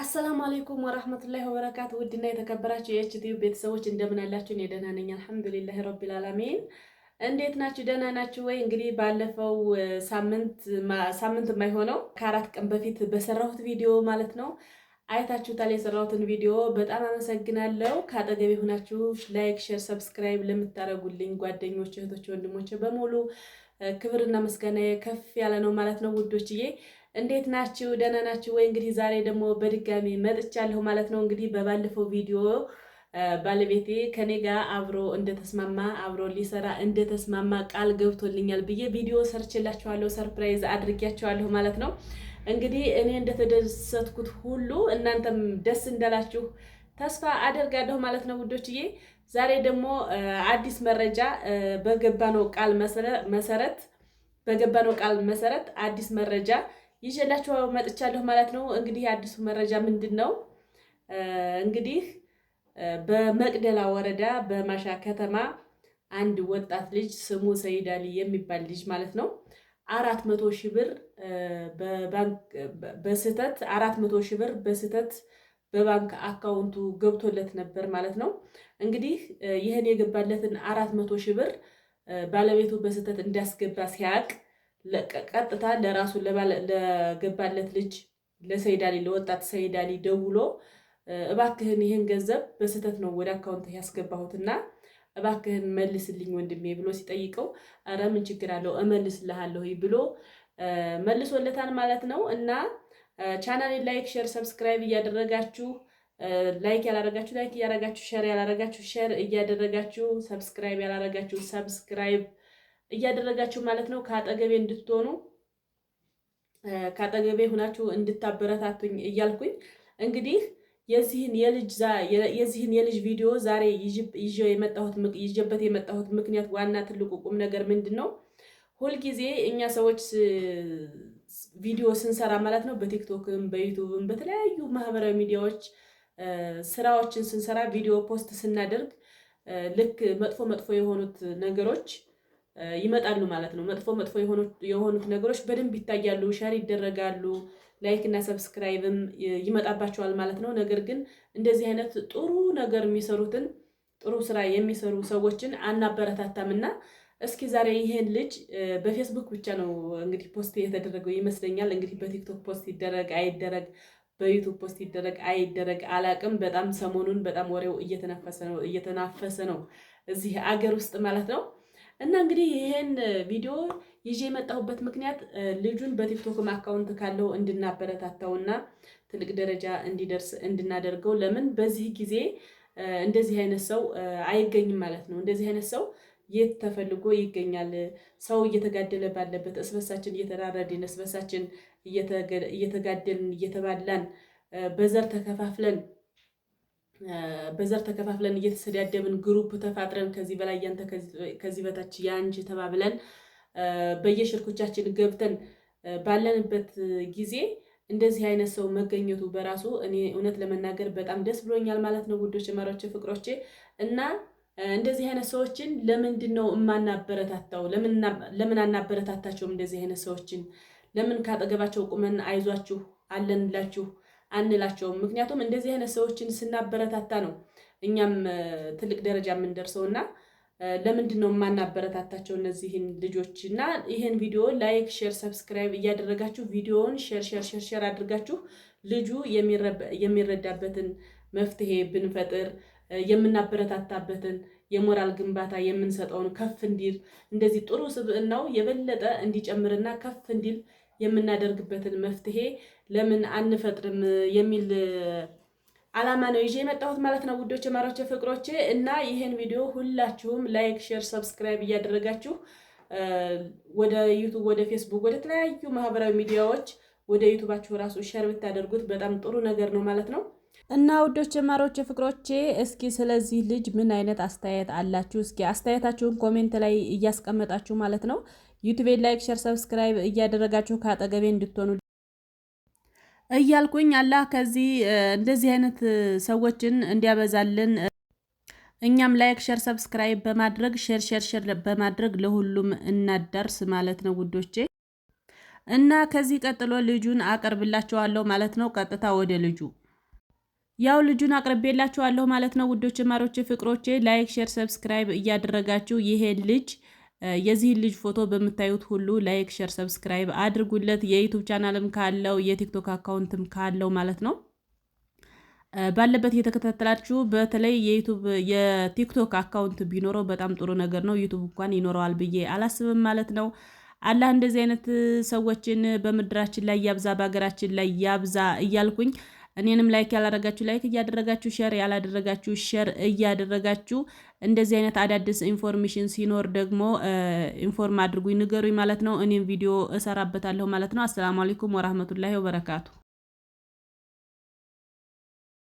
አሰላሙ አለይኩም ወራህመቱላሂ ወበረካቱ። ውድና የተከበራችሁ የኤችቲዩ ቤተሰቦች እንደምን አላችሁ? እኔ ደህና ነኝ፣ አልሐምዱሊላህ ረቢል አላሚን። እንዴት ናችሁ? ደህና ናችሁ ወይ? እንግዲህ ባለፈው ሳምንት ሳምንት የማይሆነው ከአራት ቀን በፊት በሰራሁት ቪዲዮ ማለት ነው አይታችሁታል። የሰራሁትን ቪዲዮ በጣም አመሰግናለሁ። ከአጠገቤ የሆናችሁ ላይክ፣ ሼር፣ ሰብስክራይብ ለምታደርጉልኝ ጓደኞች፣ እህቶች፣ ወንድሞች በሙሉ ክብርና ምስጋና ከፍ ያለ ነው ማለት ነው ውዶችዬ እንዴት ናችሁ? ደህና ናችሁ ወይ? እንግዲህ ዛሬ ደግሞ በድጋሚ መጥቻለሁ ማለት ነው። እንግዲህ በባለፈው ቪዲዮ ባለቤቴ ከኔ ጋር አብሮ እንደተስማማ አብሮ ሊሰራ እንደተስማማ ቃል ገብቶልኛል ብዬ ቪዲዮ ሰርችላችኋለሁ፣ ሰርፕራይዝ አድርጊያችኋለሁ ማለት ነው። እንግዲህ እኔ እንደተደሰትኩት ሁሉ እናንተም ደስ እንዳላችሁ ተስፋ አደርጋለሁ ማለት ነው ውዶችዬ። ዛሬ ደግሞ አዲስ መረጃ በገባነው ቃል መሰረት በገባነው ቃል መሰረት አዲስ መረጃ ይዤላችሁ መጥቻለሁ ማለት ነው። እንግዲህ የአዲሱ መረጃ ምንድን ነው? እንግዲህ በመቅደላ ወረዳ በማሻ ከተማ አንድ ወጣት ልጅ ስሙ ሰይድ አሊ የሚባል ልጅ ማለት ነው አራት መቶ ሺህ ብር በስህተት አራት መቶ ሺህ ብር በስህተት በባንክ አካውንቱ ገብቶለት ነበር ማለት ነው። እንግዲህ ይህን የገባለትን አራት መቶ ሺህ ብር ባለቤቱ በስህተት እንዳስገባ ሲያቅ? ቀጥታ ለራሱ ለገባለት ልጅ ለሰይዳሊ ለወጣት ሰይዳሊ ደውሎ እባክህን ይህን ገንዘብ በስህተት ነው ወደ አካውንት ያስገባሁትና እባክህን መልስልኝ ወንድሜ ብሎ ሲጠይቀው ኧረ ምን ችግር አለው እመልስልሃለሁ ብሎ መልሶለታል ማለት ነው። እና ቻናሌን ላይክ፣ ሼር፣ ሰብስክራይብ እያደረጋችሁ ላይክ ያላረጋችሁ ላይክ እያረጋችሁ ሼር ያላረጋችሁ ሼር እያደረጋችሁ ሰብስክራይብ ያላረጋችሁ ሰብስክራይብ እያደረጋችሁ ማለት ነው ከአጠገቤ እንድትሆኑ ከአጠገቤ ሆናችሁ እንድታበረታቱኝ እያልኩኝ እንግዲህ የዚህን የልጅ ቪዲዮ ዛሬ ይዤበት የመጣሁት ምክንያት ዋና ትልቁ ቁም ነገር ምንድን ነው? ሁልጊዜ እኛ ሰዎች ቪዲዮ ስንሰራ ማለት ነው በቲክቶክም በዩቱብም በተለያዩ ማህበራዊ ሚዲያዎች ስራዎችን ስንሰራ ቪዲዮ ፖስት ስናደርግ ልክ መጥፎ መጥፎ የሆኑት ነገሮች ይመጣሉ ማለት ነው። መጥፎ መጥፎ የሆኑት ነገሮች በደንብ ይታያሉ፣ ሸር ይደረጋሉ፣ ላይክ እና ሰብስክራይብም ይመጣባቸዋል ማለት ነው። ነገር ግን እንደዚህ አይነት ጥሩ ነገር የሚሰሩትን ጥሩ ስራ የሚሰሩ ሰዎችን አናበረታታም እና እስኪ ዛሬ ይሄን ልጅ በፌስቡክ ብቻ ነው እንግዲህ ፖስት የተደረገው ይመስለኛል። እንግዲህ በቲክቶክ ፖስት ይደረግ አይደረግ፣ በዩቱብ ፖስት ይደረግ አይደረግ አላቅም። በጣም ሰሞኑን በጣም ወሬው እየተናፈሰ ነው እየተናፈሰ ነው እዚህ አገር ውስጥ ማለት ነው። እና እንግዲህ ይሄን ቪዲዮ ይዤ የመጣሁበት ምክንያት ልጁን በቲክቶክም አካውንት ካለው እንድናበረታታውና ትልቅ ደረጃ እንዲደርስ እንድናደርገው። ለምን በዚህ ጊዜ እንደዚህ አይነት ሰው አይገኝም ማለት ነው። እንደዚህ አይነት ሰው የት ተፈልጎ ይገኛል? ሰው እየተጋደለ ባለበት እስበሳችን እየተራረድን እስበሳችን እየተጋደልን እየተባላን በዘር ተከፋፍለን በዘር ተከፋፍለን እየተሰዳደብን ግሩፕ ተፋጥረን ከዚህ በላይ ያንተ ከዚህ በታች ያንቺ ተባብለን በየሽርኮቻችን ገብተን ባለንበት ጊዜ እንደዚህ አይነት ሰው መገኘቱ በራሱ እኔ እውነት ለመናገር በጣም ደስ ብሎኛል ማለት ነው። ውዶች መሪዎች፣ ፍቅሮቼ እና እንደዚህ አይነት ሰዎችን ለምንድን ነው የማናበረታታው? ለምን አናበረታታቸውም? እንደዚህ አይነት ሰዎችን ለምን ካጠገባቸው ቁመን አይዟችሁ አለንላችሁ አንላቸውም። ምክንያቱም እንደዚህ አይነት ሰዎችን ስናበረታታ ነው እኛም ትልቅ ደረጃ የምንደርሰው እና ለምንድን ነው የማናበረታታቸው እነዚህን ልጆች? እና ይህን ቪዲዮ ላይክ፣ ሼር፣ ሰብስክራይብ እያደረጋችሁ ቪዲዮውን ሼር ሼር ሼር ሼር አድርጋችሁ ልጁ የሚረዳበትን መፍትሄ ብንፈጥር የምናበረታታበትን የሞራል ግንባታ የምንሰጠውን ከፍ እንዲል እንደዚህ ጥሩ ስብዕናው የበለጠ እንዲጨምርና ከፍ እንዲል የምናደርግበትን መፍትሄ ለምን አንፈጥርም የሚል አላማ ነው ይዤ የመጣሁት ማለት ነው። ውዶች ማሮቼ፣ ፍቅሮቼ እና ይህን ቪዲዮ ሁላችሁም ላይክ፣ ሼር፣ ሰብስክራይብ እያደረጋችሁ ወደ ዩቱብ፣ ወደ ፌስቡክ፣ ወደ ተለያዩ ማህበራዊ ሚዲያዎች ወደ ዩቱባችሁ ራሱ ሸር ብታደርጉት በጣም ጥሩ ነገር ነው ማለት ነው። እና ውዶች ጀማሮች ፍቅሮቼ እስኪ ስለዚህ ልጅ ምን አይነት አስተያየት አላችሁ? እስኪ አስተያየታችሁን ኮሜንት ላይ እያስቀመጣችሁ ማለት ነው። ዩቲዩብ ላይክ፣ ሸር፣ ሰብስክራይብ እያደረጋችሁ ከአጠገቤ እንድትሆኑ እያልኩኝ አላህ ከዚህ እንደዚህ አይነት ሰዎችን እንዲያበዛልን እኛም ላይክ ሸር ሰብስክራይብ በማድረግ ሸር ሸር ሸር በማድረግ ለሁሉም እናዳርስ ማለት ነው ውዶቼ። እና ከዚህ ቀጥሎ ልጁን አቀርብላችኋለሁ ማለት ነው። ቀጥታ ወደ ልጁ ያው ልጁን አቅርቤላችኋለሁ ማለት ነው ውዶቼ፣ ማሮቼ፣ ፍቅሮቼ ላይክ ሼር ሰብስክራይብ እያደረጋችሁ ይሄን ልጅ የዚህን ልጅ ፎቶ በምታዩት ሁሉ ላይክ፣ ሸር፣ ሰብስክራይብ አድርጉለት የዩቱብ ቻናልም ካለው የቲክቶክ አካውንትም ካለው ማለት ነው ባለበት እየተከታተላችሁ በተለይ የዩቱብ የቲክቶክ አካውንት ቢኖረው በጣም ጥሩ ነገር ነው። ዩቱብ እንኳን ይኖረዋል ብዬ አላስብም ማለት ነው። አላህ እንደዚህ አይነት ሰዎችን በምድራችን ላይ ያብዛ፣ በሀገራችን ላይ ያብዛ እያልኩኝ እኔንም ላይክ ያላረጋችሁ ላይክ እያደረጋችሁ ሸር ያላደረጋችሁ ሸር እያደረጋችሁ እንደዚህ አይነት አዳዲስ ኢንፎርሜሽን ሲኖር ደግሞ ኢንፎርም አድርጉኝ፣ ንገሩኝ ማለት ነው። እኔም ቪዲዮ እሰራበታለሁ ማለት ነው። አሰላሙ አለይኩም ወራህመቱላሂ ወበረካቱ